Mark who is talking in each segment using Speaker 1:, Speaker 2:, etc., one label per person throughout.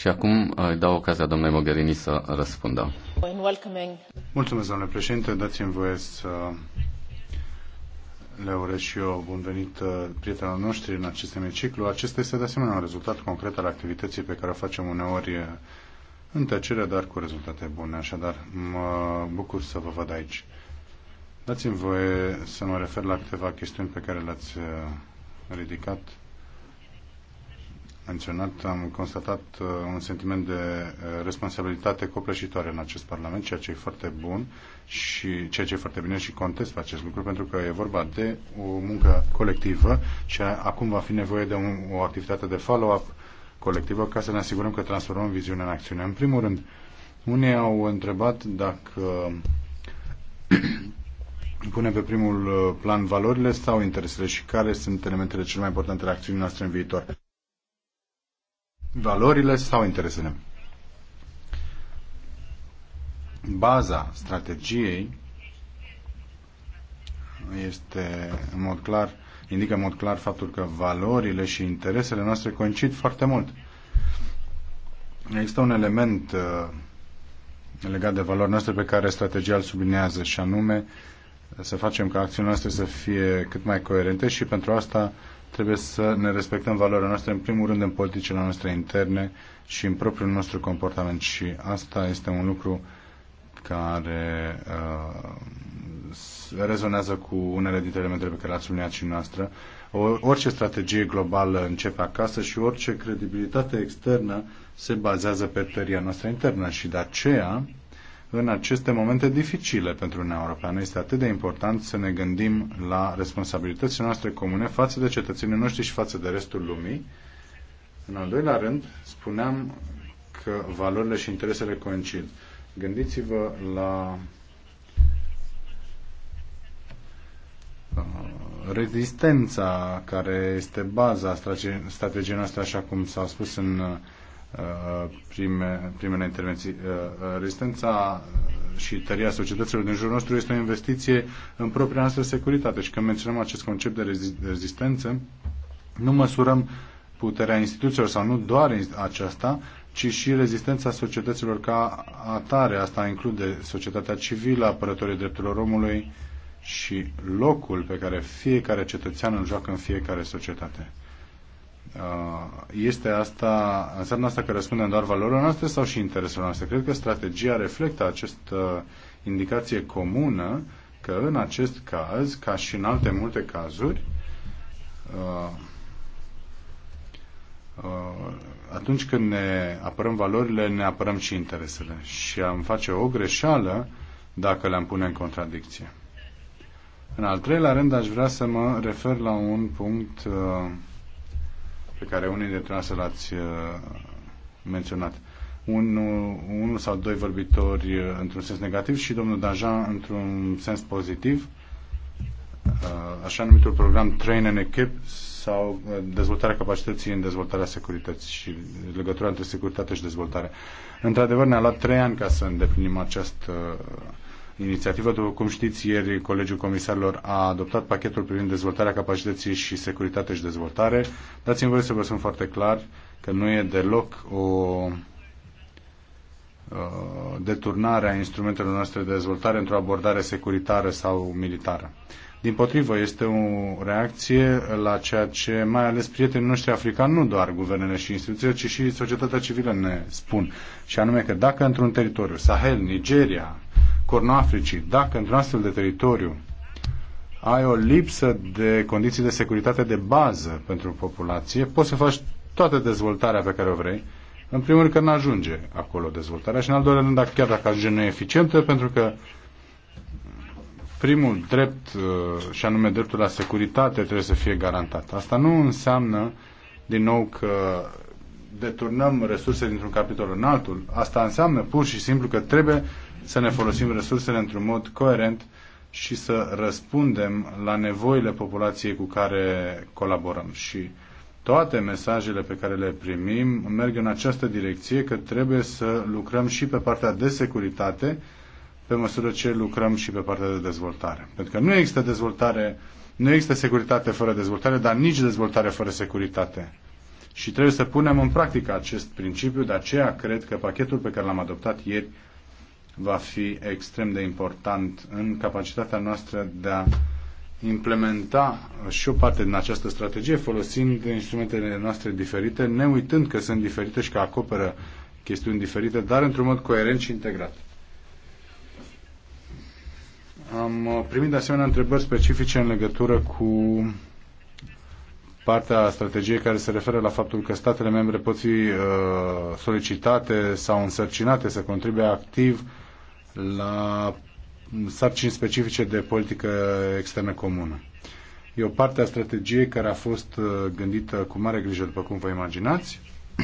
Speaker 1: Și acum uh, îi dau ocazia domnului Mogherini să răspundă. Mulțumesc, domnule președinte. Dați-mi voie să le urez și eu bun venit uh, prietenilor noștri în acest semiciclu. Acesta este de asemenea un rezultat concret al activității pe care o facem uneori în tăcere, dar cu rezultate bune. Așadar, mă bucur să vă văd aici. Dați-mi voie să mă refer la câteva chestiuni pe care le-ați uh, ridicat menționat, am constatat uh, un sentiment de uh, responsabilitate copleșitoare în acest Parlament, ceea ce e foarte bun și ceea ce e foarte bine și contest acest lucru, pentru că e vorba de o muncă colectivă și acum va fi nevoie de un, o activitate de follow-up colectivă ca să ne asigurăm că transformăm viziunea în acțiune. În primul rând, unii au întrebat dacă pune pe primul uh, plan valorile sau interesele și care sunt elementele cele mai importante ale acțiunii noastre în viitor valorile sau interesele. Baza strategiei este în mod clar, indică în mod clar faptul că valorile și interesele noastre coincid foarte mult. Există un element uh, legat de valori noastre pe care strategia îl sublinează și anume să facem ca acțiunile noastre să fie cât mai coerente și pentru asta uh, trebuie să ne respectăm valoarea noastră, în primul rând în politicile noastre interne și în propriul nostru comportament. Și asta este un lucru care uh, rezonează cu unele dintre elementele pe care le-ați subliniat și noastră. O, orice strategie globală începe acasă și orice credibilitate externă se bazează pe tăria noastră internă și de aceea în aceste momente dificile pentru Uniunea Europeană. Este atât de important să ne gândim la responsabilitățile noastre comune față de cetățenii noștri și față de restul lumii. În al doilea rând, spuneam că valorile și interesele coincid. Gândiți-vă la uh, rezistența care este baza strategiei noastre, așa cum s-a spus în uh, Uh, prime, primele intervenții. Uh, uh, rezistența și tăria societăților din jurul nostru este o investiție în propria noastră securitate și când menționăm acest concept de rezistență, nu măsurăm puterea instituțiilor sau nu doar aceasta, ci și rezistența societăților ca atare. Asta include societatea civilă, apărătorii drepturilor omului și locul pe care fiecare cetățean îl joacă în fiecare societate. Uh, este asta, înseamnă asta că răspundem doar valorilor noastre sau și intereselor noastre? Cred că strategia reflectă această indicație comună că în acest caz, ca și în alte multe cazuri, uh, uh, atunci când ne apărăm valorile, ne apărăm și interesele. Și am face o greșeală dacă le-am pune în contradicție. În al treilea rând, aș vrea să mă refer la un punct uh, pe care unii dintre noastre l-ați uh, menționat. Un, uh, unul sau doi vorbitori uh, într-un sens negativ și domnul Danja într-un sens pozitiv, așa numitul program Train and Equip sau dezvoltarea capacității în dezvoltarea securității și legătura între securitate și dezvoltare. Într-adevăr, ne-a luat trei ani ca să îndeplinim acest inițiativă. După cum știți, ieri Colegiul Comisarilor a adoptat pachetul privind dezvoltarea capacității și securitate și dezvoltare. Dați-mi voie să vă spun foarte clar că nu e deloc o uh, deturnare a instrumentelor noastre de dezvoltare într-o abordare securitară sau militară. Din potrivă, este o reacție la ceea ce mai ales prietenii noștri africani, nu doar guvernele și instituțiile, ci și societatea civilă ne spun. Și anume că dacă într-un teritoriu, Sahel, Nigeria, Cornul Africii. Dacă într-un astfel de teritoriu ai o lipsă de condiții de securitate de bază pentru populație, poți să faci toată dezvoltarea pe care o vrei. În primul rând că nu ajunge acolo dezvoltarea și în al doilea rând, dacă, chiar dacă ajunge, nu e eficientă, pentru că primul drept, uh, și anume dreptul la securitate, trebuie să fie garantat. Asta nu înseamnă, din nou, că deturnăm resurse dintr-un capitol în altul. Asta înseamnă pur și simplu că trebuie să ne folosim resursele într-un mod coerent și să răspundem la nevoile populației cu care colaborăm. Și toate mesajele pe care le primim merg în această direcție că trebuie să lucrăm și pe partea de securitate pe măsură ce lucrăm și pe partea de dezvoltare. Pentru că nu există dezvoltare, nu există securitate fără dezvoltare, dar nici dezvoltare fără securitate. Și trebuie să punem în practică acest principiu, de aceea cred că pachetul pe care l-am adoptat ieri va fi extrem de important în capacitatea noastră de a implementa și o parte din această strategie folosind instrumentele noastre diferite, ne uitând că sunt diferite și că acoperă chestiuni diferite, dar într-un mod coerent și integrat. Am primit de asemenea întrebări specifice în legătură cu partea strategiei care se referă la faptul că statele membre pot fi uh, solicitate sau însărcinate să contribuie activ la sarcini specifice de politică externă comună. E o parte a strategiei care a fost uh, gândită cu mare grijă, după cum vă imaginați,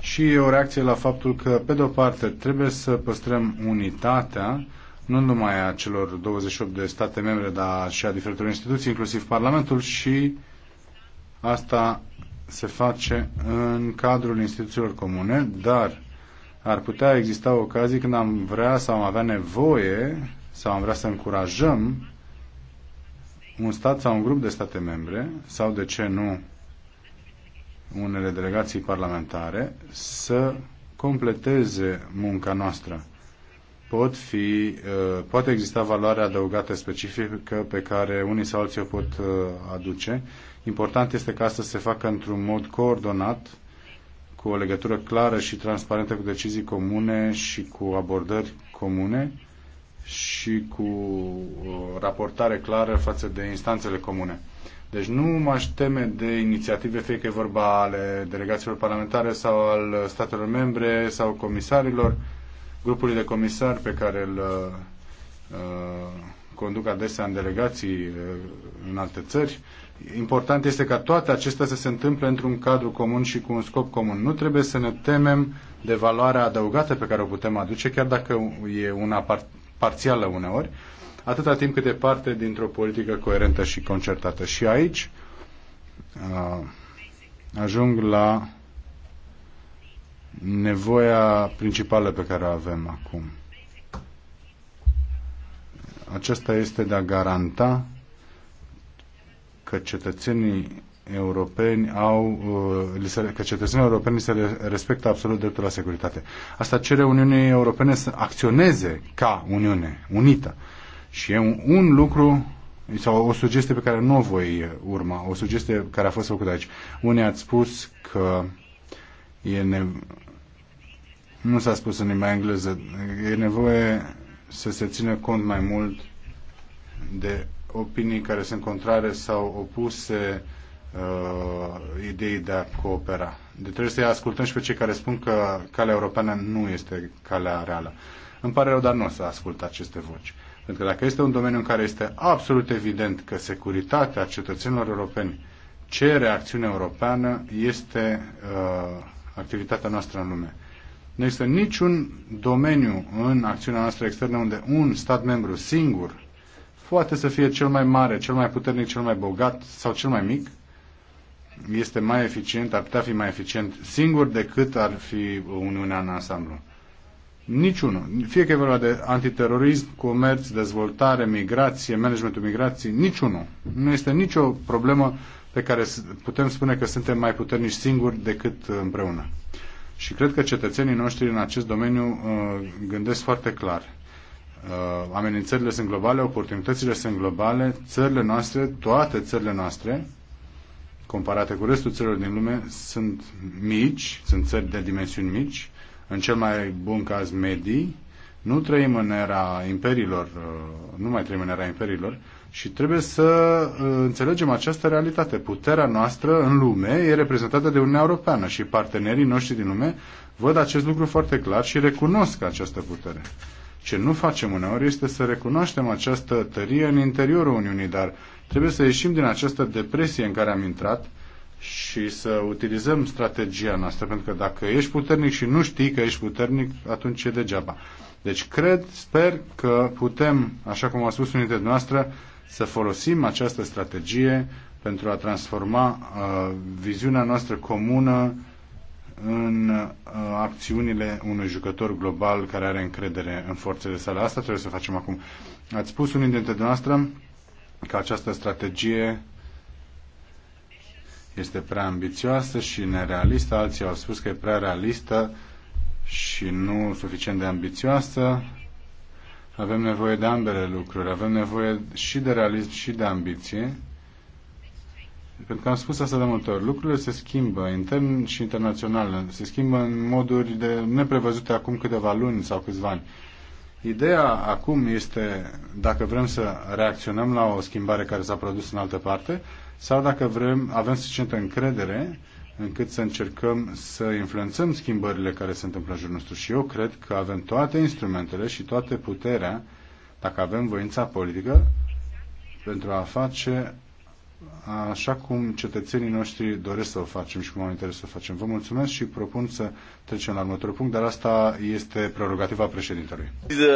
Speaker 1: și e o reacție la faptul că, pe de-o parte, trebuie să păstrăm unitatea, nu numai a celor 28 de state membre, dar și a diferitelor instituții, inclusiv Parlamentul, și asta se face în cadrul instituțiilor comune, dar ar putea exista ocazii când am vrea sau am avea nevoie sau am vrea să încurajăm un stat sau un grup de state membre sau, de ce nu, unele delegații parlamentare să completeze munca noastră. Pot fi, uh, poate exista valoare adăugată specifică pe care unii sau alții o pot uh, aduce. Important este ca asta se facă într-un mod coordonat cu o legătură clară și transparentă cu decizii comune și cu abordări comune și cu uh, raportare clară față de instanțele comune. Deci nu m-aș teme de inițiative, fie că e vorba ale delegațiilor parlamentare sau al statelor membre sau comisarilor, grupului de comisari pe care îl uh, uh conduc adesea în delegații eh, în alte țări. Important este ca toate acestea să se întâmple într-un cadru comun și cu un scop comun. Nu trebuie să ne temem de valoarea adăugată pe care o putem aduce, chiar dacă e una par- parțială uneori, atâta timp cât e parte dintr-o politică coerentă și concertată. Și aici uh, ajung la nevoia principală pe care o avem acum. Acesta este de a garanta că cetățenii europeni au, uh, că cetățenii europeni se respectă absolut dreptul la securitate. Asta cere Uniunii Europene să acționeze ca Uniune, unită. Și e un, un lucru sau o sugestie pe care nu o voi urma, o sugestie care a fost făcută aici. Unii ați spus că e ne... nu s-a spus în limba engleză, e nevoie să se țină cont mai mult de opinii care sunt contrare sau opuse uh, ideii de a coopera. De deci trebuie să-i ascultăm și pe cei care spun că calea europeană nu este calea reală. Îmi pare rău, dar nu o să ascult aceste voci. Pentru că dacă este un domeniu în care este absolut evident că securitatea cetățenilor europeni cere acțiune europeană, este uh, activitatea noastră în lume. Nu există niciun domeniu în acțiunea noastră externă unde un stat membru singur poate să fie cel mai mare, cel mai puternic, cel mai bogat sau cel mai mic. Este mai eficient, ar putea fi mai eficient singur decât ar fi Uniunea în ansamblu. Niciunul. Fie că e vorba de antiterorism, comerț, dezvoltare, migrație, managementul migrației, niciunul. Nu este nicio problemă pe care putem spune că suntem mai puternici singuri decât uh, împreună. Și cred că cetățenii noștri în acest domeniu uh, gândesc foarte clar. Uh, amenințările sunt globale, oportunitățile sunt globale, țările noastre, toate țările noastre, comparate cu restul țărilor din lume, sunt mici, sunt țări de dimensiuni mici, în cel mai bun caz medii, nu trăim în era imperiilor, uh, nu mai trăim în era imperiilor și trebuie să uh, înțelegem această realitate. Puterea noastră în lume e reprezentată de Uniunea Europeană și partenerii noștri din lume văd acest lucru foarte clar și recunosc această putere. Ce nu facem uneori este să recunoaștem această tărie în interiorul Uniunii, dar trebuie să ieșim din această depresie în care am intrat și să utilizăm strategia noastră, pentru că dacă ești puternic și nu știi că ești puternic, atunci e degeaba. Deci cred, sper că putem, așa cum a spus unii dintre noastre, să folosim această strategie pentru a transforma uh, viziunea noastră comună în uh, acțiunile unui jucător global care are încredere în forțele sale. Asta trebuie să facem acum. Ați spus unii dintre noastre că această strategie este prea ambițioasă și nerealistă, alții au spus că e prea realistă și nu suficient de ambițioasă. Avem nevoie de ambele lucruri. Avem nevoie și de realism și de ambiție. Pentru că am spus asta de multe ori, lucrurile se schimbă intern și internațional, se schimbă în moduri de neprevăzute acum câteva luni sau câțiva ani. Ideea acum este dacă vrem să reacționăm la o schimbare care s-a produs în altă parte sau dacă vrem, avem suficientă încredere încât să încercăm să influențăm schimbările care se întâmplă în jurul nostru. Și eu cred că avem toate instrumentele și toată puterea, dacă avem voința politică, pentru a face așa cum cetățenii noștri doresc să o facem și cum au interes să o facem. Vă mulțumesc și propun să trecem la următorul punct, dar asta este prerogativa președintelui.